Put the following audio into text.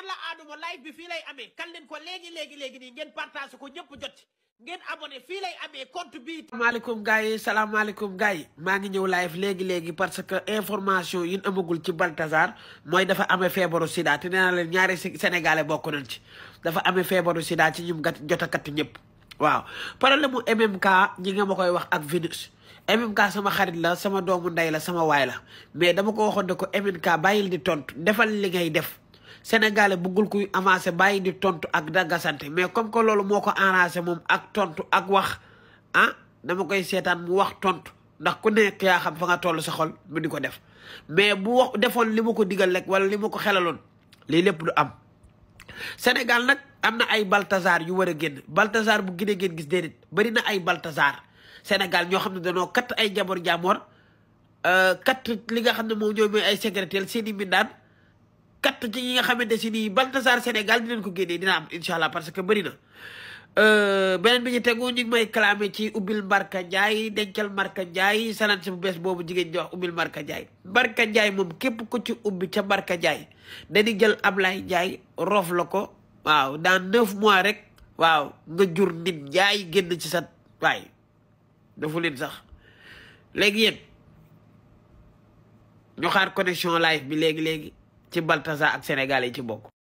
alla aaduma live bi fii lay amee kan leen ko léegi léegi léegi nii ngeen partage ko ñëpp jot ngeen abonné fii lay amee compte bi. salaamaaleykum yi salaamaaleykum gars yi maa ngi ñëw live léegi léegi parce que information yi ñu amagul ci Baltazar mooy dafa amee feebaru sida te nee naa leen ñaari sénégalais bokk nañ ci dafa amee feebaru sida ci ñum gat jot a kat ñëpp. waaw problème mu MMK ñi nga ma koy wax ak Venus MMK sama xarit la sama doomu ndey la sama waay la mais dama ko waxoon ne ko MMK bàyyil di tontu defal li ngay def. sénégalais buggul kuy avancé bàyyi di tontu ak daggasante mais comme que loolu moo ko arrangé moom ak tontu ak wax ah dama koy seetaan mu wax tontu ndax ku nekk yaa xam fa nga toll sa xol mu di ko def mais bu defoon li ma ko digal rek wala li ma ko xelaloon lii lépp du am Sénégal nag am na ay Baltazar yu war a génn Baltazar bu gine ngeen gis déedéet bari na ay Baltazar Sénégal ñoo xam ne dañoo kat ay jaboor jaamoor euh, kat li nga xam ne moom ñoo mooy ay secrétaire seen i mindaan kat ci ñi nga xamante si nii Balthazar Sénégal di dinañ ko génnee dina am incha allah parce que bëri na euh, beneen bi ñu tegu ñu may clamé ci ubbil Mbarka Ndiaye dencal Mbarka Ndiaye sanaan si bu bees boobu jigéen ñi wax ubbil Mbarka Ndiaye Mbarka Ndiaye moom képp ku ci ubbi ca Mbarka Ndiaye dañuy jël Ablaye Ndiaye roof la ko waaw dans neuf mois rek waaw nga jur nit njaay génn ci sa waay dafu leen sax léegi yéen ñu xaar connexion live bi léegi-léegi ci Baltazar ak Sénégal yi ci bokk